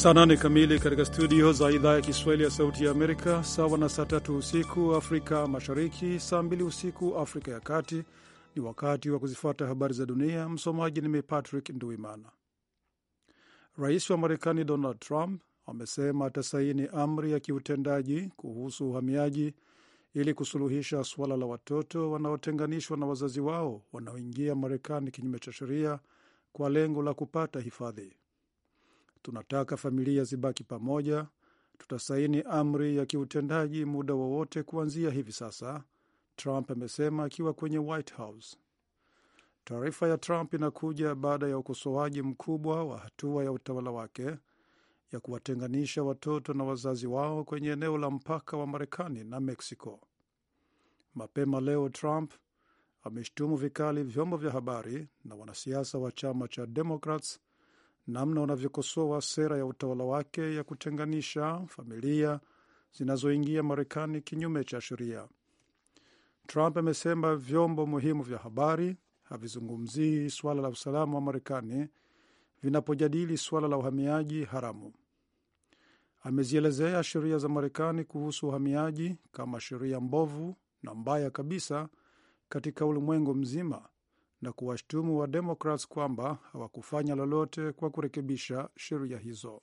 Saa nane kamili katika studio za idhaa ya Kiswahili ya Sauti ya Amerika, sawa na saa tatu usiku Afrika Mashariki, saa mbili usiku Afrika ya Kati. Ni wakati wa kuzifuata habari za dunia. Msomaji ni mimi Patrick Nduimana. Rais wa Marekani Donald Trump amesema atasaini amri ya kiutendaji kuhusu uhamiaji ili kusuluhisha suala la watoto wanaotenganishwa na wazazi wao wanaoingia Marekani kinyume cha sheria kwa lengo la kupata hifadhi. Tunataka familia zibaki pamoja. Tutasaini amri ya kiutendaji muda wowote kuanzia hivi sasa, Trump amesema akiwa kwenye White House. Taarifa ya Trump inakuja baada ya ukosoaji mkubwa wa hatua ya utawala wake ya kuwatenganisha watoto na wazazi wao kwenye eneo la mpaka wa Marekani na Meksiko. Mapema leo Trump ameshtumu vikali vyombo vya habari na wanasiasa wa chama cha Democrats namna wanavyokosoa sera ya utawala wake ya kutenganisha familia zinazoingia Marekani kinyume cha sheria. Trump amesema vyombo muhimu vya habari havizungumzii suala la usalama wa Marekani vinapojadili suala la uhamiaji haramu. Amezielezea sheria za Marekani kuhusu uhamiaji kama sheria mbovu na mbaya kabisa katika ulimwengu mzima na kuwashtumu wa Democrats kwamba hawakufanya lolote kwa kurekebisha sheria hizo.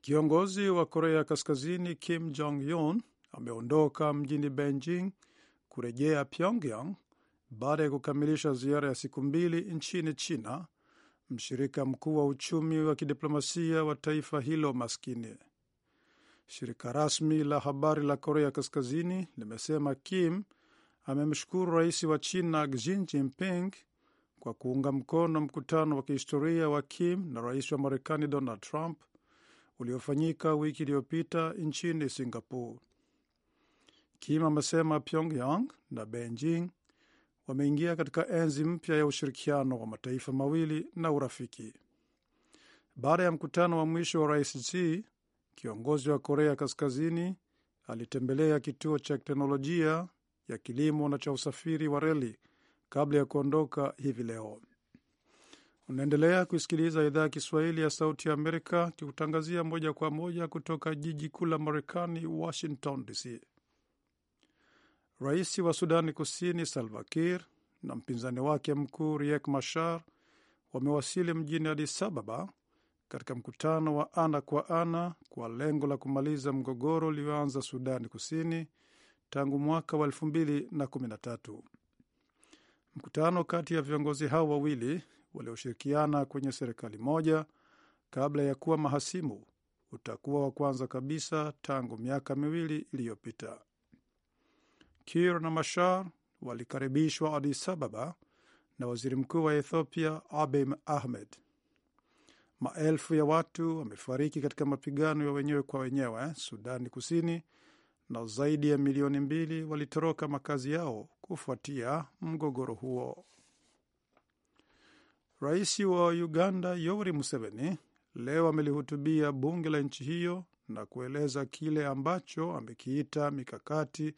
Kiongozi wa Korea Kaskazini Kim Jong Un ameondoka mjini Beijing kurejea Pyongyang baada ya kukamilisha ziara ya siku mbili nchini China, mshirika mkuu wa uchumi wa kidiplomasia wa taifa hilo maskini. Shirika rasmi la habari la Korea Kaskazini limesema Kim amemshukuru rais wa China Xi Jinping kwa kuunga mkono mkutano wa kihistoria wa Kim na rais wa Marekani Donald Trump uliofanyika wiki iliyopita nchini Singapore. Kim amesema Pyongyang na Beijing wameingia katika enzi mpya ya ushirikiano wa mataifa mawili na urafiki. Baada ya mkutano wa mwisho wa rais Xi, kiongozi wa Korea Kaskazini alitembelea kituo cha teknolojia ya kilimo na cha usafiri wa reli kabla ya kuondoka hivi leo. Unaendelea kuisikiliza idhaa ya Kiswahili ya Sauti ya Amerika kikutangazia moja kwa moja kutoka jiji kuu la Marekani, Washington DC. Rais wa Sudani Kusini Salva Kiir na mpinzani wake mkuu Riek Machar wamewasili mjini Addis Ababa katika mkutano wa ana kwa ana kwa lengo la kumaliza mgogoro ulioanza Sudani Kusini tangu mwaka wa 2013. Mkutano kati ya viongozi hao wawili walioshirikiana kwenye serikali moja kabla ya kuwa mahasimu utakuwa wa kwanza kabisa tangu miaka miwili iliyopita. Kir na Mashar walikaribishwa Adis Ababa na waziri mkuu wa Ethiopia Abiy Ahmed. Maelfu ya watu wamefariki katika mapigano ya wenyewe kwa wenyewe Sudani Kusini na zaidi ya milioni mbili walitoroka makazi yao kufuatia mgogoro huo. Rais wa Uganda Yoweri Museveni leo amelihutubia bunge la nchi hiyo na kueleza kile ambacho amekiita mikakati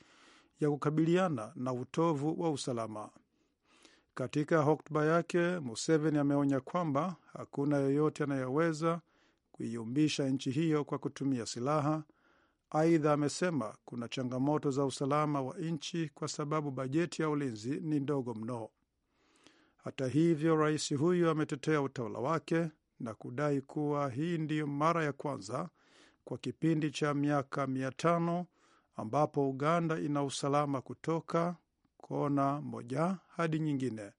ya kukabiliana na utovu wa usalama. Katika hotuba yake, Museveni ameonya kwamba hakuna yeyote anayeweza kuiumbisha nchi hiyo kwa kutumia silaha Aidha, amesema kuna changamoto za usalama wa nchi kwa sababu bajeti ya ulinzi ni ndogo mno. Hata hivyo, rais huyu ametetea utawala wake na kudai kuwa hii ndiyo mara ya kwanza kwa kipindi cha miaka mia tano ambapo Uganda ina usalama kutoka kona moja hadi nyingine.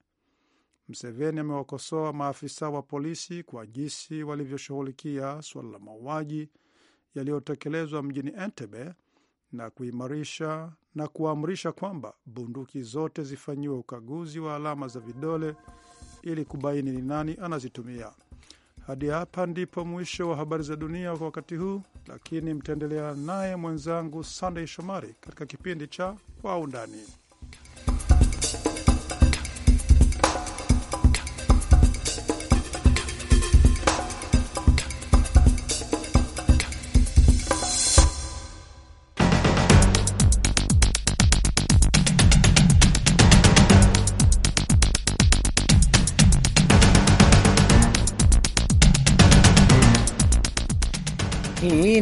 Mseveni amewakosoa maafisa wa polisi kwa jinsi walivyoshughulikia suala la mauaji yaliyotekelezwa mjini Entebbe na kuimarisha na kuamrisha kwamba bunduki zote zifanyiwe ukaguzi wa alama za vidole ili kubaini ni nani anazitumia. Hadi hapa ndipo mwisho wa habari za dunia kwa wakati huu, lakini mtaendelea naye mwenzangu Sandey Shomari katika kipindi cha Kwa Undani.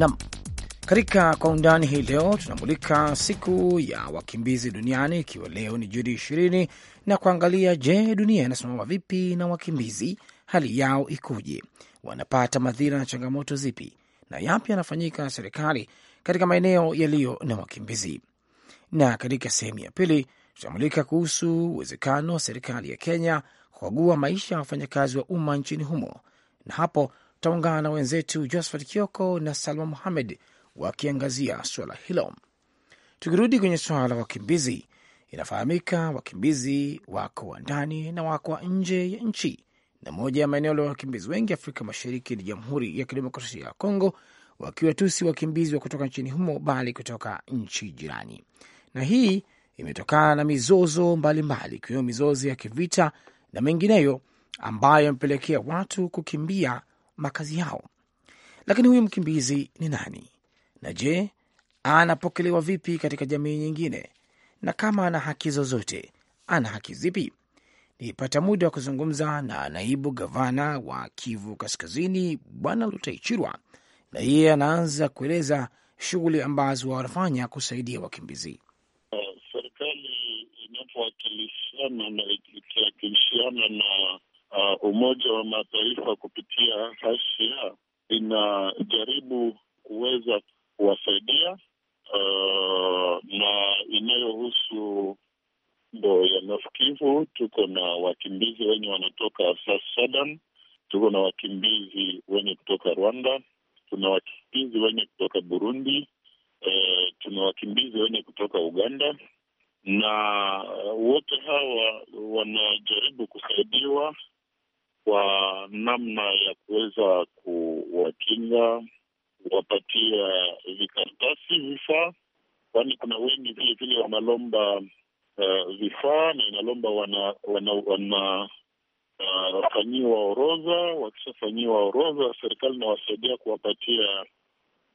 Nam, katika kwa undani hii leo tunamulika siku ya wakimbizi duniani, ikiwa leo ni Juni ishirini, na kuangalia je, dunia inasimama vipi na wakimbizi, hali yao ikoje, wanapata madhira na changamoto zipi, na yapi yanafanyika na serikali katika maeneo yaliyo na wakimbizi. Na katika sehemu ya pili tutamulika kuhusu uwezekano wa serikali ya Kenya kukagua maisha ya wafanyakazi wa umma nchini humo, na hapo tutaungana na wenzetu Josphat Kioko na Salma Muhamed wakiangazia suala hilo. Tukirudi kwenye suala la wakimbizi, inafahamika wakimbizi wako wa ndani na wako wa nje ya nchi, na moja ya maeneo la wakimbizi wengi Afrika Mashariki ni Jamhuri ya Kidemokrasia ya Kongo, wakiwa tu si wakimbizi wa kutoka nchini humo, bali kutoka nchi jirani, na hii imetokana na mizozo mbalimbali ikiwemo mizozo ya kivita na mengineyo ambayo yamepelekea watu kukimbia makazi yao. Lakini huyu mkimbizi ni nani? Na je, anapokelewa vipi katika jamii nyingine? Na kama ana haki zozote, ana haki zipi? Nilipata muda wa kuzungumza na naibu gavana wa Kivu Kaskazini, Bwana Lutaichirwa, na yeye anaanza kueleza shughuli ambazo wanafanya kusaidia wakimbizi. Uh, serikali inapowakilishana na ikiwakilishana na uh, Umoja wa Mataifa kupitia HCR inajaribu kuweza kuwasaidia uh, na inayohusu mbo ya North Kivu, tuko na wakimbizi wenye wanatoka South Sudan, tuko na wakimbizi wenye kutoka Rwanda, tuna wakimbizi wenye kutoka Burundi, e, tuna wakimbizi wenye kutoka Uganda na uh, wote hawa wanajaribu kusaidiwa kwa namna ya kuweza kuwakinga, kuwapatia vikaratasi, vifaa, kwani kuna wengi vile vile wanalomba uh, vifaa na inalomba wanafanyiwa wana, wana uh, orodha. Wakishafanyiwa orodha, serikali inawasaidia kuwapatia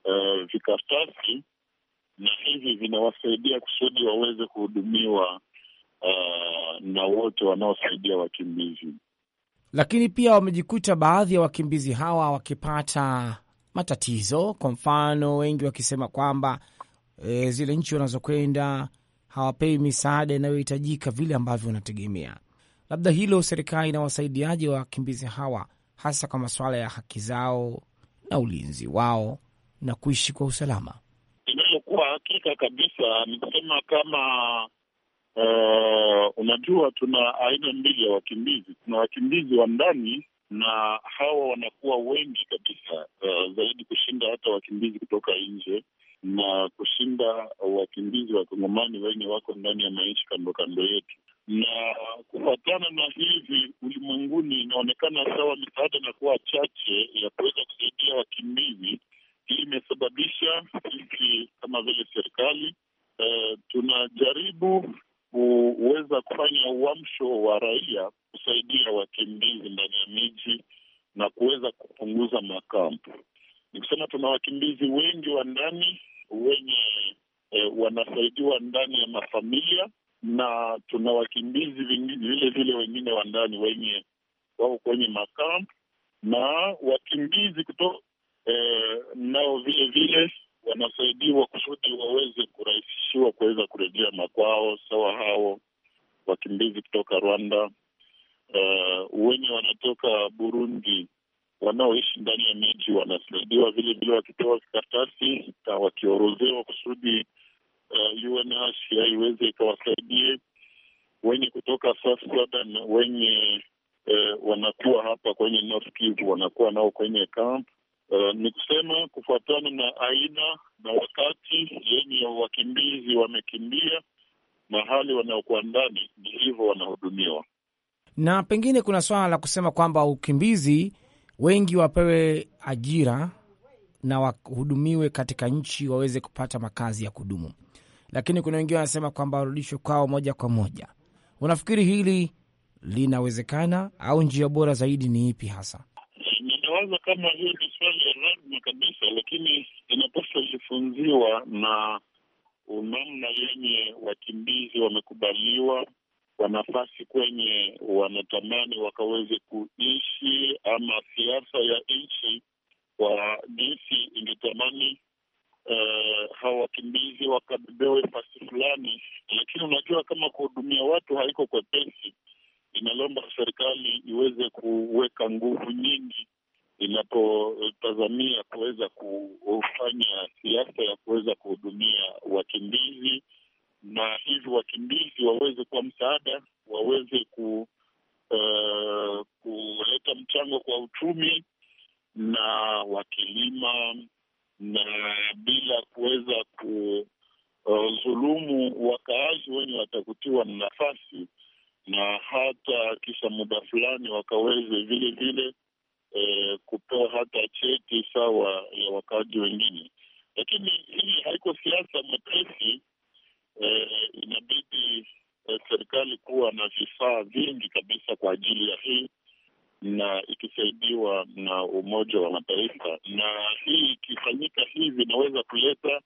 uh, vikaratasi na hivi vinawasaidia kusudi waweze kuhudumiwa uh, na wote wanaosaidia wakimbizi lakini pia wamejikuta baadhi ya wakimbizi hawa wakipata matatizo. Kwa mfano, wengi wakisema kwamba e, zile nchi wanazokwenda hawapewi misaada inayohitajika vile ambavyo wanategemea. Labda hilo serikali na wasaidiaji wa wakimbizi hawa, hasa kwa masuala ya haki zao na ulinzi wao na kuishi kwa usalama. Inayokuwa hakika kabisa, amesema kama uh, unajua tuna aina mbili ya wakimbizi. Kuna wakimbizi wa ndani na hawa wanakuwa wengi kabisa, uh, zaidi kushinda hata wakimbizi kutoka nje na kushinda wakimbizi wakongomani wenye wako ndani ya maishi kando kando yetu. Na kufuatana na hivi, ulimwenguni inaonekana sawa misaada inakuwa chache ya kuweza kusaidia wakimbizi. Hii imesababisha sisi kama vile serikali uh, tunajaribu kuweza kufanya uamsho wa raia kusaidia wakimbizi ndani ya miji na kuweza kupunguza makampu. Ni kusema tuna wakimbizi wengi wa ndani wenye e, wanasaidiwa ndani ya mafamilia na tuna wakimbizi vile vile wengine wa ndani wenye wako kwenye makampu na wakimbizi kuto e, nao vile vile wanasaidiwa kusudi waweze kurahisishiwa kuweza kurejea makwao, sawa hao wakimbizi kutoka Rwanda, uh, wenye wanatoka Burundi wanaoishi ndani ya miji wanasaidiwa vile vile, wakipewa na wakiorozewa kusudi uh, UNHCR iweze ikawasaidie wenye kutoka South Sudan wenye eh, wanakuwa hapa kwenye North Kivu wanakuwa nao kwenye camp Eh, ni kusema kufuatana na aina na wakati yenye wakimbizi wamekimbia na hali wanaokuwa ndani, hivyo wanahudumiwa. Na pengine kuna swala la kusema kwamba ukimbizi wengi wapewe ajira na wahudumiwe katika nchi waweze kupata makazi ya kudumu, lakini kuna wengine wanasema kwamba warudishwe kwao moja kwa moja. Unafikiri hili linawezekana au njia bora zaidi ni ipi hasa? nawaza kama hiyo ni swali ya lazima kabisa, lakini inapaswa jifunziwa na namna yenye wakimbizi wamekubaliwa kwa nafasi kwenye wanatamani wakaweze kuishi, ama siasa ya nchi kwa jinsi ingetamani Uh, hawa wakimbizi wakabebewe fasi fulani, lakini unajua kama kuhudumia watu haiko kwepesi, inalomba serikali iweze kuweka nguvu nyingi inapotazamia kuweza kufanya siasa ya kuweza kuhudumia wakimbizi na hivi wakimbizi waweze kuwa msaada, waweze ku, uh, kuleta mchango kwa uchumi na wakilima na bila kuweza kudhulumu eh, uh, wakaazi wenye watakutiwa na nafasi, na hata kisha muda fulani wakaweze vile vile kupewa hata cheti sawa ya wakaaji wengine, lakini hii haiko siasa mwepesi. E, inabidi e, serikali kuwa na vifaa vingi kabisa kwa ajili ya hii na ikisaidiwa na Umoja wa Mataifa, na hii ikifanyika hivi inaweza kuleta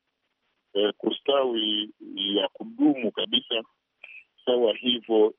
e, kustawi ya kudumu kabisa. Sawa hivyo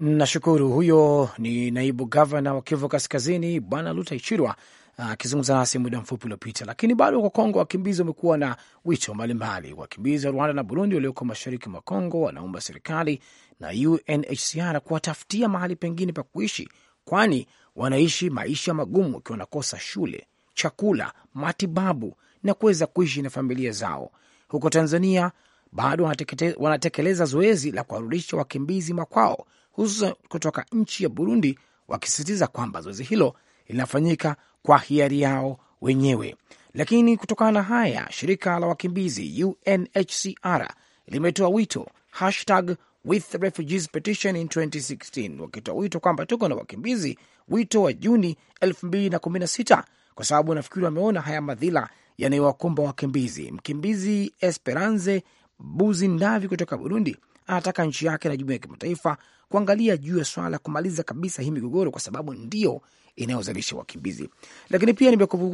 Nashukuru. Huyo ni naibu gavana wa Kivu Kaskazini, Bwana Lutaichirwa akizungumza uh, nasi muda mfupi uliopita. Lakini bado kwa Kongo, wakimbizi wamekuwa na wito mbalimbali. Wakimbizi wa Rwanda na Burundi walioko mashariki mwa Kongo wanaomba serikali na UNHCR kuwatafutia mahali pengine pa kuishi, kwani wanaishi maisha magumu wakiwa wanakosa shule, chakula, matibabu na kuweza kuishi na familia zao. Huko Tanzania bado wanatekeleza zoezi la kuwarudisha wakimbizi makwao hususan kutoka nchi ya Burundi, wakisisitiza kwamba zoezi hilo linafanyika kwa hiari yao wenyewe. Lakini kutokana na haya, shirika la wakimbizi UNHCR limetoa wito hashtag with refugees petition in 2016 wakitoa wito kwamba tuko na wakimbizi, wito wa Juni 2016 kwa sababu nafikiri wameona haya madhila yanayowakumba wakimbizi. Mkimbizi Esperanze Buzi Ndavi kutoka Burundi anataka nchi yake na jumuiya ya kimataifa kuangalia juu ya swala la kumaliza kabisa hii migogoro, kwa sababu ndio inayozalisha wakimbizi. Lakini pia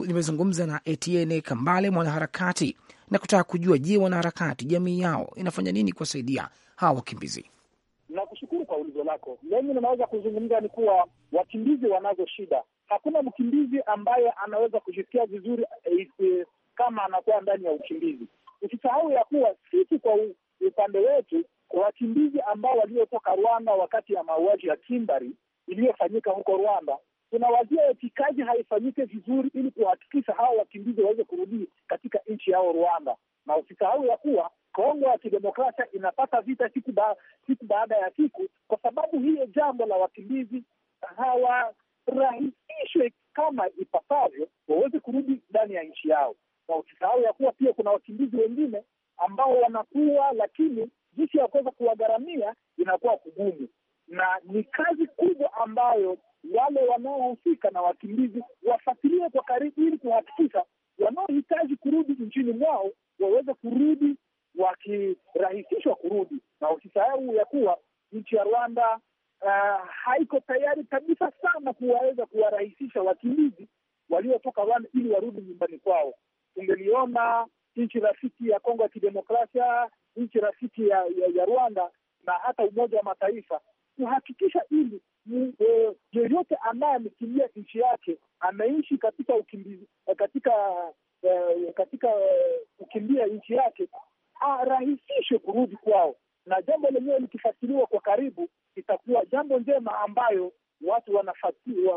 nimezungumza na Etienne Kambale, mwanaharakati, na kutaka kujua, je, wanaharakati jamii yao inafanya nini kuwasaidia hawa wakimbizi? Nakushukuru kwa ulizo lako. Mimi ninaweza kuzungumza ni kuwa wakimbizi wanazo shida. Hakuna mkimbizi ambaye anaweza kujisikia vizuri eh, eh, kama anakuwa ndani ya ukimbizi. Usisahau ya kuwa sisi kwa upande wetu wakimbizi ambao waliotoka Rwanda wakati ya mauaji ya kimbari iliyofanyika huko Rwanda. kuna wazia etikaji haifanyike vizuri, ili kuhakikisha hawa wakimbizi waweze kurudi katika nchi yao Rwanda, na usisahau ya kuwa Kongo ya kidemokrasia inapata vita siku, ba, siku baada ya siku, kwa sababu hiyo jambo la wakimbizi hawarahisishwe kama ipasavyo waweze kurudi ndani ya nchi yao, na usisahau ya kuwa pia kuna wakimbizi wengine ambao wanakuwa lakini jinsi ya kuweza kuwagharamia inakuwa kugumu, na ni kazi kubwa ambayo wale wanaohusika na wakimbizi wafuatilie kwa karibu, ili kuhakikisha wanaohitaji kurudi nchini mwao waweze kurudi wakirahisishwa kurudi, na usisahau ya kuwa nchi ya Rwanda uh, haiko tayari kabisa sana kuwaweza kuwarahisisha wakimbizi waliotoka Rwanda ili warudi nyumbani kwao. Tungeliona nchi rafiki ya Kongo ya Kidemokrasia nchi rafiki ya, ya, ya Rwanda na hata Umoja wa Mataifa kuhakikisha ili e, e yeyote ambaye amekimbia nchi yake ameishi katika ukimbizi, e, katika e, katika e, kukimbia nchi yake arahisishe kurudi kwao, na jambo lenyewe likifasiriwa kwa karibu itakuwa jambo njema ambayo watu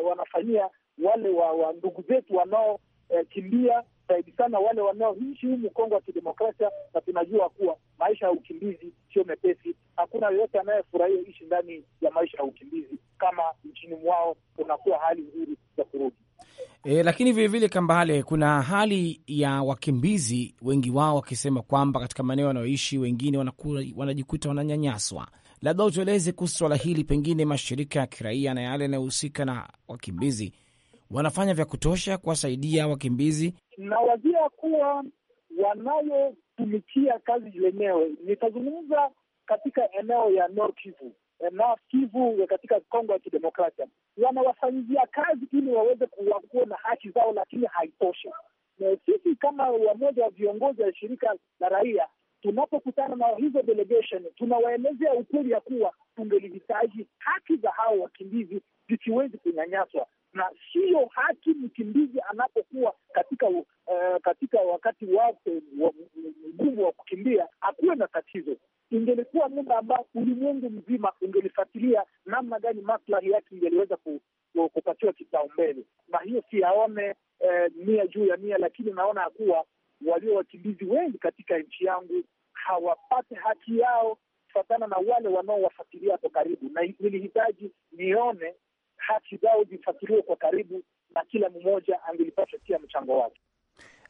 wanafanyia wale wa, wa ndugu zetu wanaokimbia e, zaidi sana wale wanaoishi humu Kongo ya Kidemokrasia, na tunajua kuwa maisha ya ukimbizi sio mepesi. Hakuna yoyote anayefurahia ishi ndani ya maisha ya ukimbizi kama nchini mwao kunakuwa hali nzuri ya kurudi. E, lakini vilevile Kambale, kuna hali ya wakimbizi wengi wao wakisema kwamba katika maeneo wanayoishi wengine wanakula, wanajikuta wananyanyaswa. Labda utueleze kuhusu swala hili, pengine mashirika ya kiraia na yale yanayohusika na wakimbizi wanafanya vya kutosha kuwasaidia wakimbizi? Nawazia kuwa wanayotumikia kazi yenyewe. Nitazungumza katika eneo ya Nord Kivu eh, na Kivu ya eh, katika Kongo ya Kidemokrasia, wanawafanyizia kazi ili waweze kuwakuwa na haki zao, lakini haitoshi. sisi kama wamoja wa viongozi wa shirika la raia tunapokutana na hizo delegation, tunawaelezea ukweli ya kuwa tungelihitaji haki za hao wakimbizi zisiwezi kunyanyaswa, na sio haki mkimbizi anapokuwa katika uh, katika wakati wake mgumu wa kukimbia akuwe na tatizo. Ingelikuwa muda ambao ulimwengu mzima ungelifuatilia namna gani maslahi yake ingeliweza ku, ku, kupatiwa kipaumbele, na hiyo siyaone eh, mia juu ya mia, lakini naona ya kuwa walio wakimbizi wengi katika nchi yangu hawapate haki yao kufatana na wale wanaowafuatilia kwa karibu, na nilihitaji nione haki zao zifuatiliwe kwa karibu na kila mmoja angelipata pia mchango wake.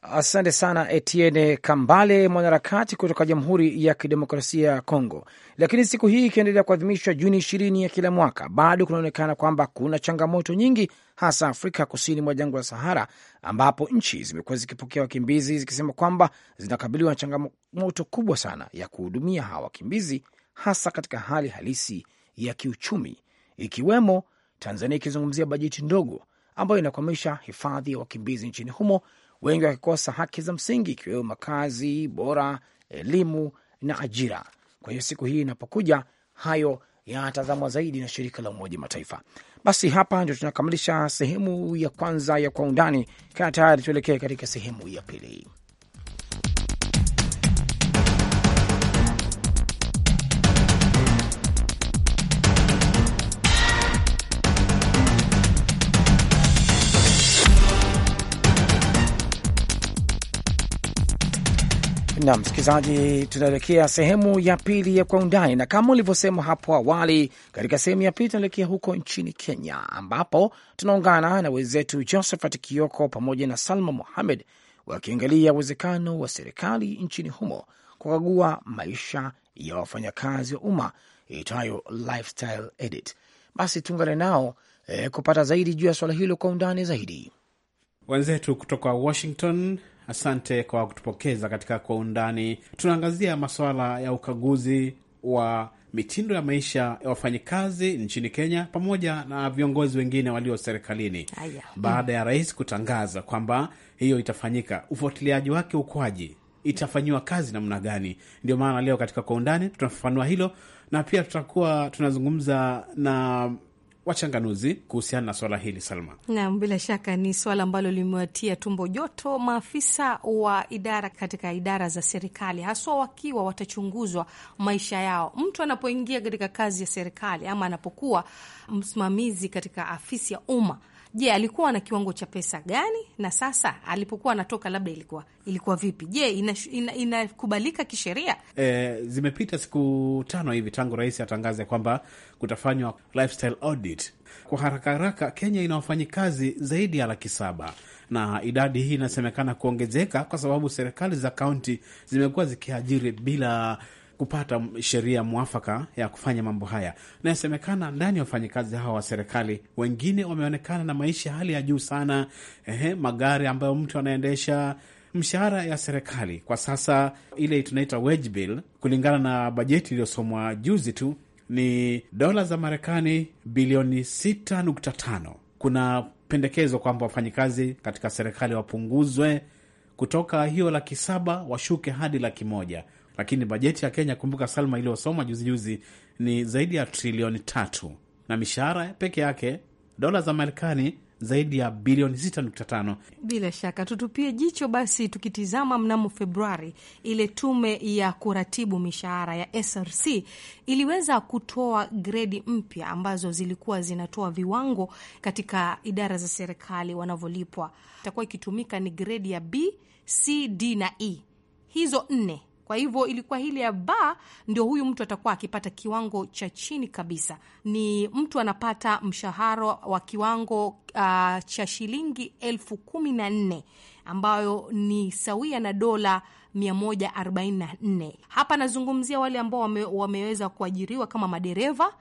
Asante sana Etienne Kambale, mwanaharakati kutoka Jamhuri ya Kidemokrasia ya Kongo. Lakini siku hii ikiendelea kuadhimishwa Juni ishirini ya kila mwaka, bado kunaonekana kwamba kuna changamoto nyingi, hasa Afrika kusini mwa jangwa la Sahara, ambapo nchi zimekuwa zikipokea wakimbizi zikisema kwamba zinakabiliwa na changamoto kubwa sana ya kuhudumia hawa wakimbizi, hasa katika hali halisi ya kiuchumi, ikiwemo Tanzania ikizungumzia bajeti ndogo ambayo inakwamisha hifadhi ya wakimbizi nchini humo, wengi wakikosa haki za msingi ikiwemo makazi bora, elimu na ajira. Kwa hiyo siku hii inapokuja, hayo yanatazamwa zaidi na shirika la Umoja Mataifa. Basi hapa ndio tunakamilisha sehemu ya kwanza ya Kwa Undani. Kaa tayari, tuelekee katika sehemu ya pili. na msikilizaji, tunaelekea sehemu ya pili ya kwa undani, na kama ulivyosema hapo awali, katika sehemu ya pili tunaelekea huko nchini Kenya, ambapo tunaungana na wenzetu Josephat Kioko pamoja na Salma Mohamed wakiangalia uwezekano wa serikali nchini humo kukagua maisha ya wafanyakazi wa umma iitwayo Lifestyle Edit. Basi tuungane nao eh, kupata zaidi juu ya swala hilo kwa undani zaidi. Wenzetu kutoka Washington Asante kwa kutupokeza katika Kwa Undani. Tunaangazia masuala ya ukaguzi wa mitindo ya maisha ya wafanyikazi nchini Kenya pamoja na viongozi wengine walio serikalini baada ya rais kutangaza kwamba hiyo itafanyika. Ufuatiliaji wake ukwaji itafanyiwa kazi namna gani? Ndio maana leo katika Kwa Undani tunafafanua hilo, na pia tutakuwa tunazungumza na wachanganuzi kuhusiana na swala hili Salma. Naam, bila shaka ni swala ambalo limewatia tumbo joto maafisa wa idara katika idara za serikali, haswa wakiwa watachunguzwa maisha yao. Mtu anapoingia katika kazi ya serikali ama anapokuwa msimamizi katika afisi ya umma Je, alikuwa na kiwango cha pesa gani? Na sasa alipokuwa anatoka labda ilikuwa ilikuwa vipi? Je, inakubalika ina, ina kisheria? E, zimepita siku tano hivi tangu rais atangaze kwamba kutafanywa lifestyle audit. Kwa haraka haraka, Kenya ina wafanyikazi zaidi ya laki saba na idadi hii inasemekana kuongezeka kwa sababu serikali za kaunti zimekuwa zikiajiri bila kupata sheria mwafaka ya kufanya mambo haya, na inasemekana ndani ya wafanyakazi hawa wa serikali wengine wameonekana na maisha hali ya juu sana. Ehe, magari ambayo mtu anaendesha mshahara ya serikali kwa sasa ile tunaita wage bill, kulingana na bajeti iliyosomwa juzi tu ni dola za Marekani bilioni 6.5. Kuna pendekezo kwamba wafanyikazi katika serikali wapunguzwe kutoka hiyo laki saba washuke hadi laki moja lakini bajeti ya Kenya, kumbuka Salma, iliyosoma juzijuzi ni zaidi ya trilioni tatu na mishahara peke yake dola za Marekani zaidi ya bilioni 6.5. Bila shaka tutupie jicho basi, tukitizama mnamo Februari, ile tume ya kuratibu mishahara ya SRC iliweza kutoa gredi mpya ambazo zilikuwa zinatoa viwango katika idara za serikali wanavyolipwa. Itakuwa ikitumika ni gredi ya B, C, D na E, hizo nne kwa hivyo ilikuwa hili ya ba ndio huyu mtu atakuwa akipata kiwango cha chini kabisa. Ni mtu anapata mshahara wa kiwango uh, cha shilingi elfu kumi na nne ambayo ni sawia na dola 144. Hapa nazungumzia wale ambao wame, wameweza kuajiriwa kama madereva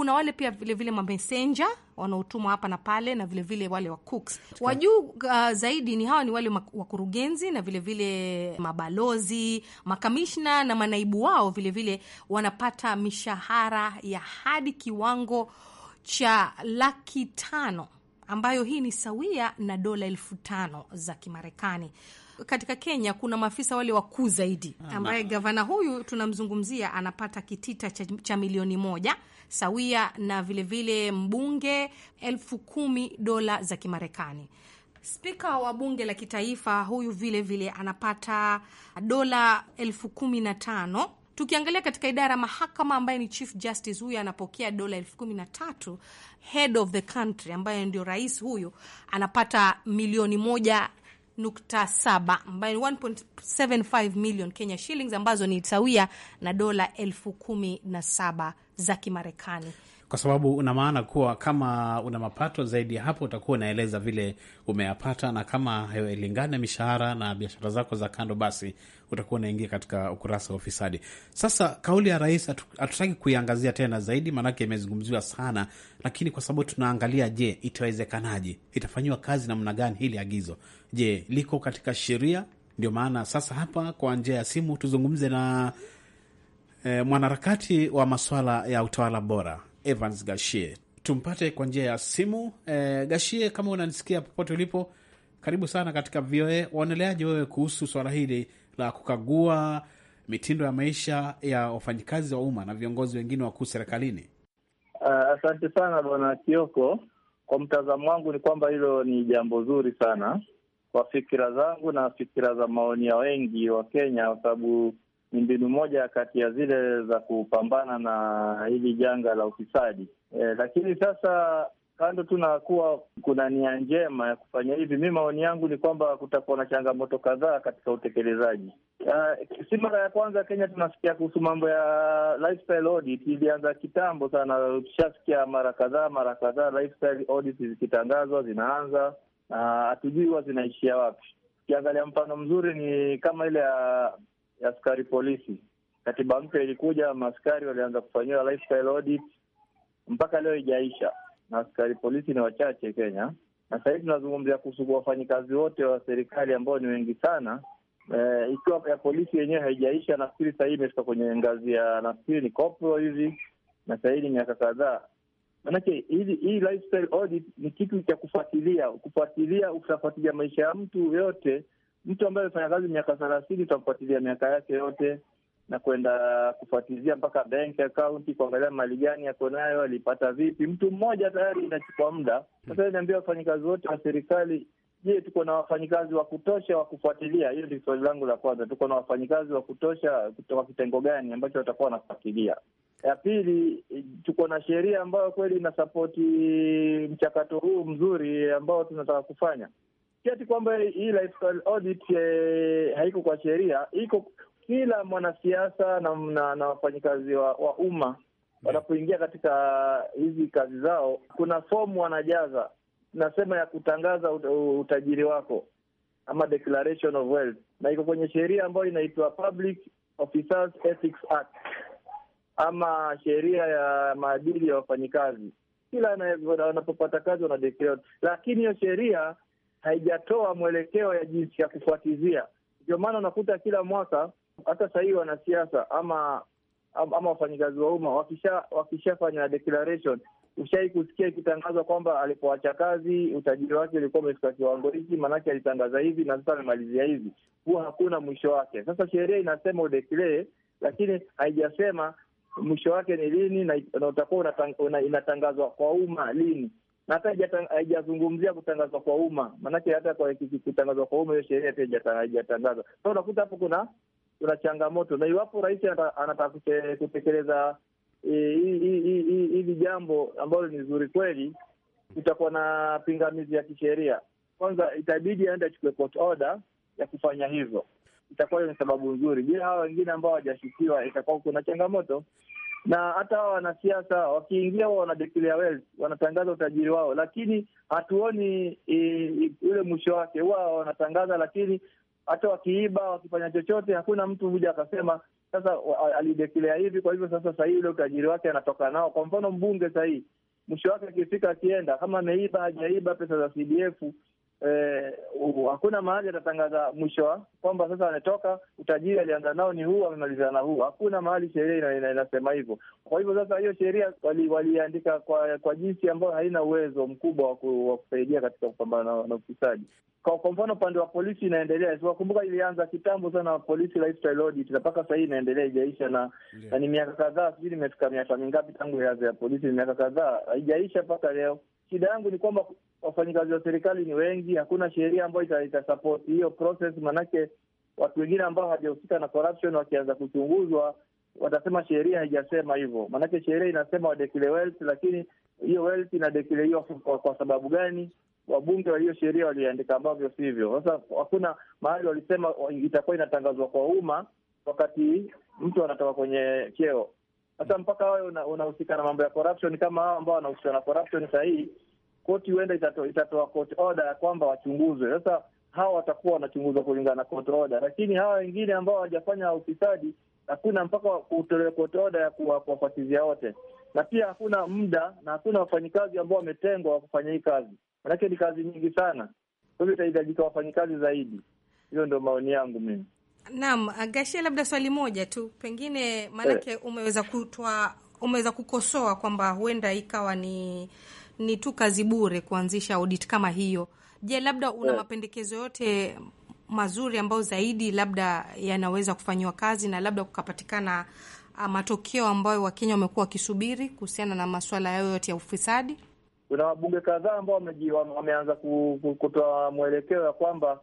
kuna wale pia vilevile mamesenja wanaotumwa hapa na pale na vilevile vile wale wa cooks wa juu uh, zaidi ni hawa ni wale wakurugenzi na vilevile vile mabalozi, makamishna na manaibu wao vilevile vile wanapata mishahara ya hadi kiwango cha laki tano ambayo hii ni sawia na dola elfu tano za Kimarekani katika Kenya kuna maafisa wale wakuu zaidi, ah, ambaye gavana huyu tunamzungumzia anapata kitita cha, cha milioni moja sawia na vilevile vile mbunge elfu kumi dola za Kimarekani. Spika wa bunge la kitaifa huyu vilevile vile anapata dola elfu kumi na tano tukiangalia katika idara ya mahakama ambaye ni chief justice huyu anapokea dola elfu kumi na tatu head of the country ambaye ndio rais huyu anapata milioni moja 1.7 ambayo ni 1.75 million Kenya shillings ambazo ni sawia na dola elfu kumi na saba za Kimarekani kwa sababu una maana kuwa kama una mapato zaidi ya hapo utakuwa unaeleza vile umeyapata, na kama hailingani mishahara na biashara zako za kando, basi utakuwa unaingia katika ukurasa wa ufisadi. Sasa kauli ya rais hatutaki kuiangazia tena zaidi, maanake imezungumziwa sana, lakini kwa sababu tunaangalia, je, itawezekanaje? Itafanyiwa kazi namna gani hili agizo? Je, liko katika sheria? Ndio maana sasa hapa kwa njia ya simu tuzungumze na e, mwanaharakati wa masuala ya utawala bora Evans Gashie. Tumpate kwa njia ya simu. E, Gashie, kama unanisikia popote ulipo, karibu sana katika VOA. Waoneleaje wewe kuhusu swala hili la kukagua mitindo ya maisha ya wafanyikazi wa umma na viongozi wengine wakuu serikalini? Uh, asante sana bwana Kioko. Kwa mtazamo wangu ni kwamba hilo ni jambo zuri sana, kwa fikira zangu na fikira za maoni ya wengi wa Kenya, kwa sababu ni mbinu moja kati ya zile za kupambana na hili janga la ufisadi e, lakini sasa kando tu na kuwa kuna nia njema ya kufanya hivi, mi maoni yangu ni kwamba kutakuwa na changamoto kadhaa katika utekelezaji. Uh, si mara ya kwanza Kenya tunasikia kuhusu mambo ya lifestyle audit. Ilianza kitambo sana, tushasikia mara kadhaa mara kadhaa lifestyle audit zikitangazwa zinaanza, hatujui uh, huwa zinaishia wapi. Ukiangalia mfano mzuri ni kama ile ya uh, ya askari polisi. Katiba mpya ilikuja, maaskari walianza kufanyiwa lifestyle audit, mpaka leo ijaisha, na askari polisi ni wachache Kenya. Na sasa hivi tunazungumzia kuhusu wafanyikazi wote wa serikali ambao ni wengi sana. E, ikiwa ya polisi yenyewe haijaisha, nafikiri sahii imefika kwenye ngazi ya nafikiri ni kopo hivi, na sahii ni miaka kadhaa. Manake hii hii lifestyle audit ni kitu cha kufuatilia, kufuatilia, utafuatilia maisha ya mtu yote mtu ambaye amefanya kazi miaka thelathini utafuatilia miaka yake yote na kwenda kufuatilia mpaka bank account kuangalia mali gani yako nayo, alipata vipi. Mtu mmoja tayari inachukua muda. Sasa niambia wafanyikazi wote wa serikali, je, tuko na wafanyikazi wa kutosha wa kufuatilia? Hiyo ndio swali langu la kwanza. Tuko na wafanyikazi wa kutosha kutoka kitengo gani ambacho watakuwa wanafuatilia? Ya pili, tuko na sheria ambayo kweli inasapoti mchakato huu mzuri ambao tunataka kufanya siati kwamba hii audit eh, haiko kwa sheria, iko kila mwanasiasa na, na, na wafanyikazi wa, wa umma wanapoingia katika hizi kazi zao, kuna fomu wanajaza, nasema ya kutangaza utajiri wako ama declaration of wealth, na iko kwenye sheria ambayo inaitwa Public Officers Ethics Act ama sheria ya maadili ya wafanyikazi. Kila wanapopata kazi wanadeclare, lakini hiyo sheria haijatoa mwelekeo ya jinsi ya kufuatizia. Ndio maana unakuta kila mwaka hata sahii wanasiasa ama ama wafanyikazi wa umma wakisha wakishafanya declaration, ushai kusikia ikitangazwa kwamba alipoacha kazi utajiri wake ulikuwa umefika kiwango hiki, maanake alitangaza hivi na sasa amemalizia hivi. Huwa hakuna mwisho wake. Sasa sheria inasema udeclare, lakini haijasema mwisho wake ni lini na, na utakuwa inatangazwa kwa umma lini na hata haijazungumzia kutangazwa kwa umma, maanake hata kwa kutangazwa kwa umma hiyo sheria pia haijatangazwa. So unakuta hapo kuna kuna changamoto, na iwapo rais anataka kutekeleza hili e, jambo ambalo ni zuri kweli, kutakuwa na pingamizi ya kisheria. Kwanza itabidi aende achukue court order ya kufanya hivyo, itakuwa hiyo ni sababu nzuri. Je, hawa wengine ambao hawajashukiwa, itakuwa kuna changamoto na hata hawa wanasiasa wakiingia huwa wana wealth, wanatangaza utajiri wao, lakini hatuoni ule mwisho wake. Huwa wanatangaza, lakini hata wakiiba, wakifanya chochote, hakuna mtu huja akasema sasa alideclare hivi, kwa hivyo sasa sahii ule utajiri wake anatoka nao. Kwa mfano mbunge sahii mwisho wake akifika, akienda kama ameiba, hajaiba pesa za CDF Eh, hakuna eh, mahali atatangaza mwisho wa kwamba sasa ametoka utajiri alianza nao ni huu, amemalizana na huu. Hakuna mahali sheria ina, ina, inasema hivyo. Kwa hivyo sasa hiyo sheria waliandika wali kwa kwa jinsi ambayo haina uwezo mkubwa wa kusaidia katika kupambana na na ufisadi. Kwa, kwa mfano upande wa polisi inaendelea, siwakumbuka ilianza kitambo sana polisi lifestyle audit, mpaka sahii inaendelea ijaisha, na yeah. na ni miaka kadhaa, sijui nimefika miaka mingapi tangu ianze ya polisi, ni miaka kadhaa haijaisha mpaka leo. Shida yangu ni kwamba wafanyikazi wa serikali ni wengi, hakuna sheria ambayo itasapoti ita hiyo process, maanake watu wengine ambao hawajahusika na corruption wakianza kuchunguzwa watasema sheria haijasema hivyo, maanake sheria inasema wadekile wealth, lakini hiyo wealth hiyo kwa, kwa sababu gani? Wabunge wa hiyo sheria waliandika ambavyo sivyo. Sasa hakuna mahali walisema itakuwa inatangazwa kwa umma wakati mtu anatoka kwenye cheo. Sasa mpaka wawe unahusika una na mambo ya corruption kama hao ambao wanahusika na corruption sahii koti huenda itatoa itatoa court ya kwamba wachunguzwe. Sasa hawa watakuwa wanachunguzwa kulingana na koti oda, lakini hawa wengine ambao hawajafanya ufisadi hakuna mpaka kutolewa koti oda ya kuwafuatilia wote, na pia hakuna muda na hakuna wafanyikazi ambao wametengwa wa kufanya hii kazi, manake ni kazi nyingi sana, kwa hivyo itahitajika wafanyikazi zaidi. Hiyo ndio maoni yangu mimi. Naam, Gashie, labda swali moja tu pengine, maanake eh. umeweza kutoa umeweza kukosoa kwamba huenda ikawa ni ni tu kazi bure kuanzisha audit kama hiyo. Je, labda una yeah, mapendekezo yote mazuri ambayo zaidi labda yanaweza kufanyiwa kazi na labda kukapatikana ah, matokeo ambayo Wakenya wamekuwa wakisubiri kuhusiana na masuala yayo yote ya ufisadi? Kuna wabunge kadhaa ambao wameanza kutoa mwelekeo ya kwamba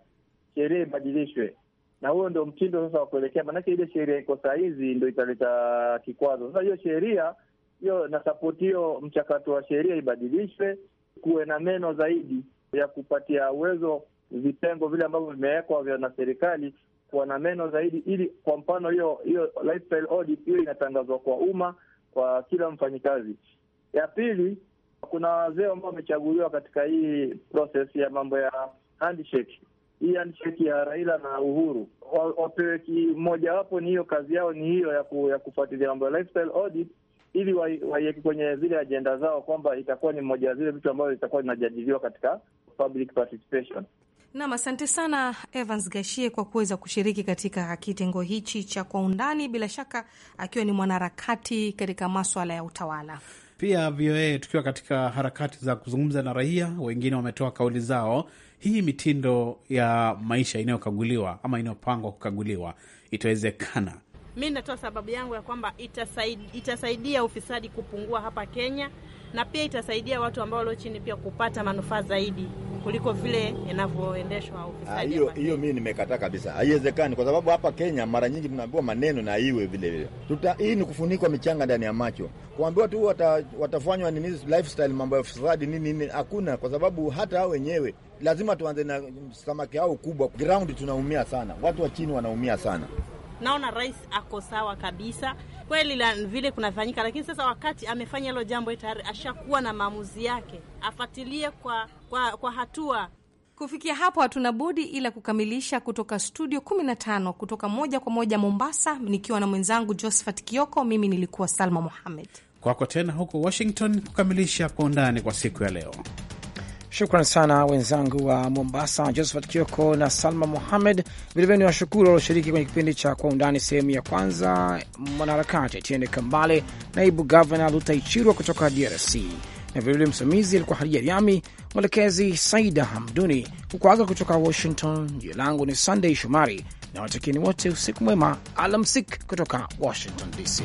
sheria ibadilishwe, na huyo ndio mtindo sasa wa kuelekea, maanake ile sheria iko saa hizi ndo italeta kikwazo. Sasa hiyo sheria hiyo na sapoti hiyo mchakato wa sheria ibadilishwe, kuwe na meno zaidi ya kupatia uwezo vitengo vile ambavyo vimewekwa na serikali kuwa na meno zaidi, ili kwa mfano hiyo hiyo lifestyle audit hiyo inatangazwa kwa umma kwa kila mfanyikazi. Ya pili, kuna wazee ambao wamechaguliwa katika hii process ya mambo ya handshake, hii handshake ya Raila na Uhuru, wapewe kimojawapo ni hiyo, kazi yao ni hiyo ya, ku, ya kufuatilia mambo ya lifestyle audit ili waiweke kwenye zile ajenda zao kwamba itakuwa ni moja ya zile vitu ambavyo itakuwa inajadiliwa katika public participation. Nam, asante sana Evans Gashie kwa kuweza kushiriki katika kitengo hichi cha Kwa Undani, bila shaka akiwa ni mwanaharakati katika maswala ya utawala. Pia VOA tukiwa katika harakati za kuzungumza na raia wengine, wametoa kauli zao. Hii mitindo ya maisha inayokaguliwa ama inayopangwa kukaguliwa itawezekana mi natoa sababu yangu ya kwamba itasaidia, itasaidia ufisadi kupungua hapa Kenya, na pia itasaidia watu ambao walio chini pia kupata manufaa zaidi kuliko vile inavyoendeshwa ufisadi. Ah, hiyo hiyo mimi nimekataa kabisa, haiwezekani kwa sababu hapa Kenya mara nyingi tunaambiwa maneno na iwe vile vile tuta, hii ni kufunikwa michanga ndani ya macho, kuambiwa tu wata, watafanywa nini, lifestyle mambo ya ufisadi nini nini, hakuna kwa sababu hata hao wenyewe lazima tuanze na samaki hao kubwa, ground tunaumia sana, watu wa chini wanaumia sana naona rais ako sawa kabisa kweli la vile kunafanyika, lakini sasa wakati amefanya hilo jambo tayari ashakuwa na maamuzi yake, afatilie kwa, kwa, kwa hatua. Kufikia hapo hatuna budi ila kukamilisha kutoka studio 15 kutoka moja kwa moja Mombasa, nikiwa na mwenzangu Josephat Kioko. Mimi nilikuwa Salma Mohamed, kwako tena huko Washington kukamilisha kwa undani kwa siku ya leo. Shukran sana wenzangu wa Mombasa, Josephat Kioko na Salma Muhamed. Vilevile ni washukuru walioshiriki kwenye kipindi cha Kwa Undani sehemu ya kwanza, mwanaharakati Etienne Kambale, naibu gavana Lutaichirwa kutoka DRC, na vilevile msimamizi alikuwa Hadija Riami, mwelekezi Saida Hamduni. Kukuaga kutoka Washington, jina langu ni sandey Shomari na watakieni wote usiku mwema, alamsik kutoka Washington DC.